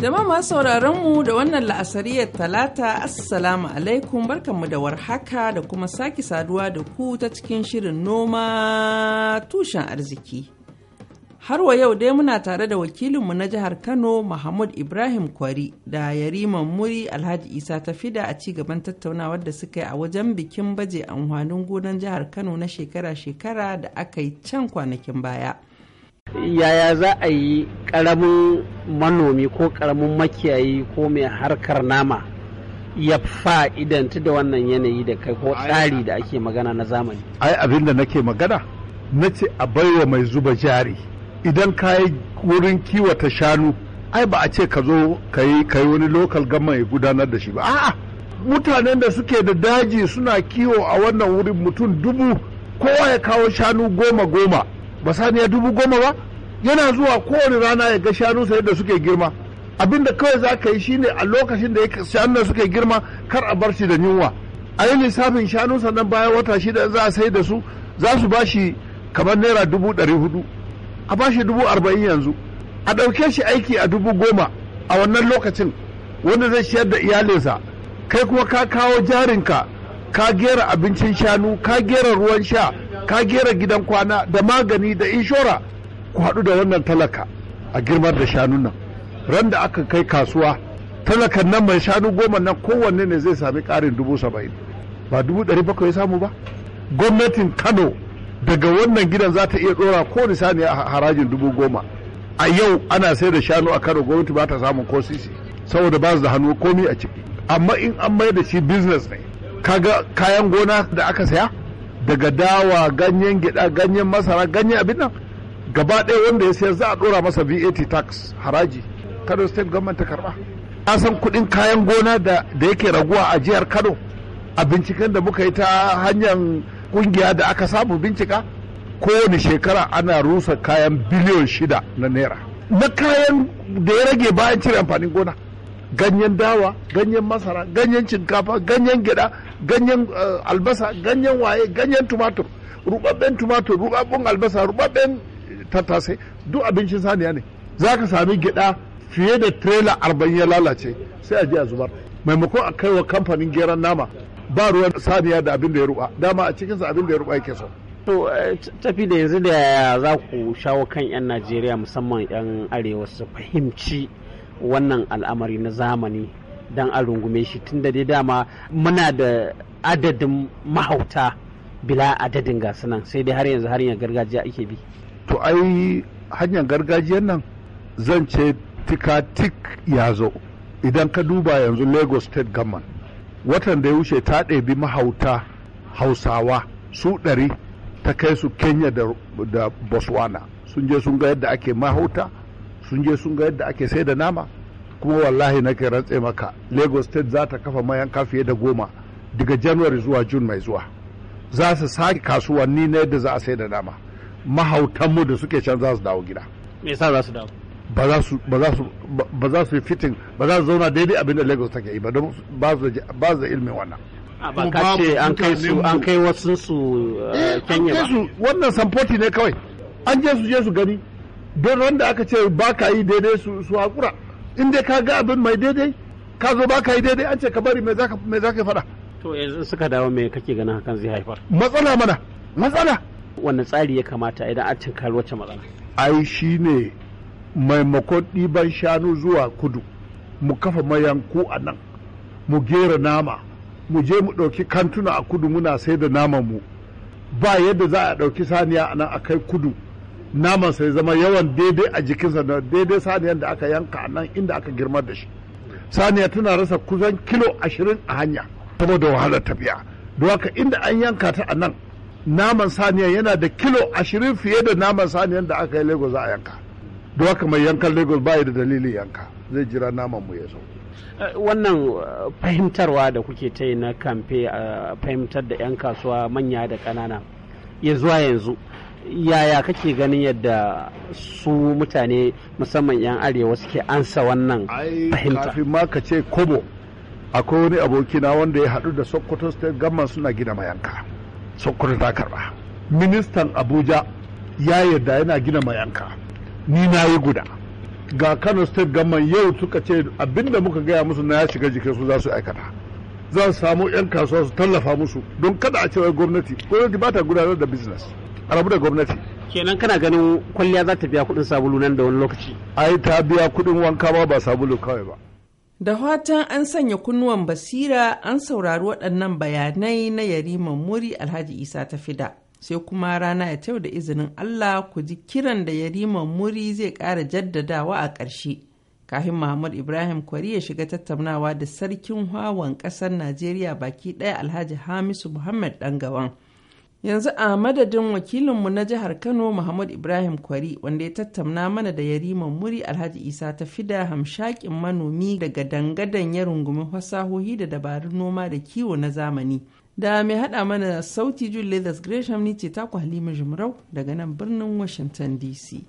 Jama'a masu sauraron mu da wannan la'asariyar talata assalamu alaikum barkanmu da warhaka da kuma sake saduwa da ku ta cikin shirin noma tushen arziki. Har wa yau dai muna tare da wakilinmu na jihar Kano Mahmud Ibrahim Kwari da Yariman Muri Alhaji Isa ta fida a ci gaban tattaunawar da suka yi a wajen bikin baje amfanin gonan jihar Kano na shekara-shekara da aka yi can kwanakin baya. Yaya za a yi karamin manomi ko karamin makiyayi ko mai harkar nama ya fa'idanta da wannan yanayi da kai ko tsari da ake magana na zamani ai abin da nake magana na ce a baiwa mai zuba jari idan ka yi wurin kiwata shanu ai ba a ce ka zo ka yi wani lokal gama ya gudanar da shi ba a'a mutanen da suke da daji suna kiwo a wannan wurin mutum dubu kowa ya kawo shanu goma goma ba saniya dubu goma ba yana zuwa kowane rana ya ga shanunsa yadda suke girma abinda kawai za ka yi shine a lokacin da da suke girma kar a bar shi da yunwa a yi lissafin shanu sannan bayan wata shida za a sai da su za su ba shi kamar naira dubu ɗari hudu a ba shi dubu arba'in yanzu a ɗauke shi aiki a dubu goma a wannan lokacin wanda zai ciyar da iyalinsa kai kuma ka kawo jarinka ka gera abincin shanu ka gera ruwan sha ka gera gidan kwana da magani da inshora ku haɗu da wannan talaka a girmar da shanu nan ran da aka kai kasuwa talakan nan mai shanu goma nan kowanne ne zai sami ƙarin dubu saba'in ba dubu ɗari bakwai ya samu ba gwamnatin kano daga wannan gidan za ta iya ɗora ko saniya a harajin dubu goma a yau ana sai da shanu a kano gwamnati ba ta samun ko sisi saboda ba su da hannu komi a ciki amma in an mai da shi business ne kaga kayan gona da aka saya daga dawa ganyen gida ganyen masara ganyen abin nan gaba ɗaya wanda ya sayar za a ɗora masa VAT tax haraji Kano state government ta karba a san kuɗin kayan gona da yake raguwa a jihar Kano a binciken da muka yi ta hanyar ƙungiya da aka samu bincika kowane shekara ana rusa kayan biliyon shida na naira na kayan da ya rage bayan cire amfanin gona ganyen dawa ganyen masara ganyen shinkafa ganyen gida ganyen eh, albasa ganyen waye ganyen tumatur rubabben tumatur rubabben albasa rubabben tattasai duk abincin saniya ne za ka sami gida fiye da trailer arba'in ya lalace sai a je a zubar maimakon a kaiwa kamfanin geran nama ba ruwan saniya da abin da ya ruba dama a cikinsa abin da ya ruba yake so to eh, tafi da yanzu da yaya za ku shawo kan 'yan najeriya musamman 'yan arewa su fahimci wannan al'amari na zamani don a rungume shi tun da dama muna da adadin mahauta bila adadin gasunan sai dai har yanzu har yanzu gargajiya ake bi to ai hanyar gargajiyar nan zan ce tikatik ya zo idan ka duba yanzu lagos state government watan da ya wuce ta ɗebi mahauta hausawa su ɗari ta kai su kenya da, da botswana sun je sun ga yadda ake mahauta sun je sun ga yadda ake sai da nama kuma wallahi na ke rantse maka lagos state za ta kafa mayanka fiye da goma daga january zuwa june mai zuwa za su sake kasuwanni na yadda za a sai da nama mahautanmu da suke can za su dawo gida me yasa za su dawo ba za su ba za su fitin ba za su zauna daidai abin da Lagos take yi ba don ba su da ilimin wannan ba ka ce an kai su an kai wasu uh, eh, su Kenya ba wannan samfoti ne kawai an je su je su gani don wanda aka ce ba ka yi daidai su su hakura in dai ka ga abin mai daidai ka zo ba ka yi daidai an ce ka bari me za ka faɗa to yanzu suka dawo me kake ganin hakan zai haifar matsala mana matsala wannan tsari ya kamata idan an cinkar wacce matsala ai shi ne maimakon ɗiban shanu zuwa kudu mu kafa mayanku a nan mu gera nama mu je mu ɗauki kantuna a kudu muna sai da naman mu ba yadda za a ɗauki saniya a nan a kai kudu naman sai zama yawan daidai a jikinsa na daidai saniyan da aka yanka a nan inda aka girma da shi saniya tana rasa kusan kilo ashirin a hanya saboda wahalar tafiya don haka inda an yanka ta a nan naman saniya yana da kilo ashirin fiye da naman saniyan da aka yi lagos a yanka don haka mai yankan lagos ba da dalilin yanka zai jira naman mu ya zo eh, wannan eh, fahimtarwa da kuke ta yi na kamfe a eh, fahimtar da 'yan kasuwa manya da ƙanana ya zuwa yanzu yaya kake ganin yadda su mutane musamman 'yan arewa suke ansa wannan fahimta kafin ma ka ce kobo akwai wani abokina wanda ya haɗu da sokoto state gamman suna gina mayanka sokoto ta karba ministan abuja ya yarda yana gina mayanka ni na yi guda ga kano state gaman yau suka ce abinda muka gaya musu na ya shiga jikin su za su aikata za su samu 'yan kasuwa su tallafa musu don kada a cewa gwamnati gwamnati ba ta gudanar da business a rabu da gwamnati kenan kana ganin kwalliya za ta biya kudin sabulu nan da wani lokaci ai ta biya kudin wanka ma ba sabulu kawai ba Da fatan an sanya kunnuwan basira an saurari waɗannan bayanai na yariman muri Alhaji Isa ta fida. Sai kuma rana ya tau da izinin Allah ku ji kiran da yariman muri zai ƙara jaddadawa a ƙarshe. Kafin Muhammad Ibrahim Kwari ya shiga tattaunawa da sarkin hawan ƙasar Najeriya baki ɗaya Alhaji Hamisu Muhammad Ɗangawan. Yanzu a madadin wakilinmu na jihar Kano Muhammad Ibrahim Kwari wanda ya tattauna mana da yariman muri Alhaji Isa ta fida hamshakin manomi daga dangadan ya rungumi fasahohi da dabarun noma da kiwo na zamani. Da mai haɗa mana sauti Julius Gresham ni ce taku Halima Jumrau daga nan birnin Washington DC.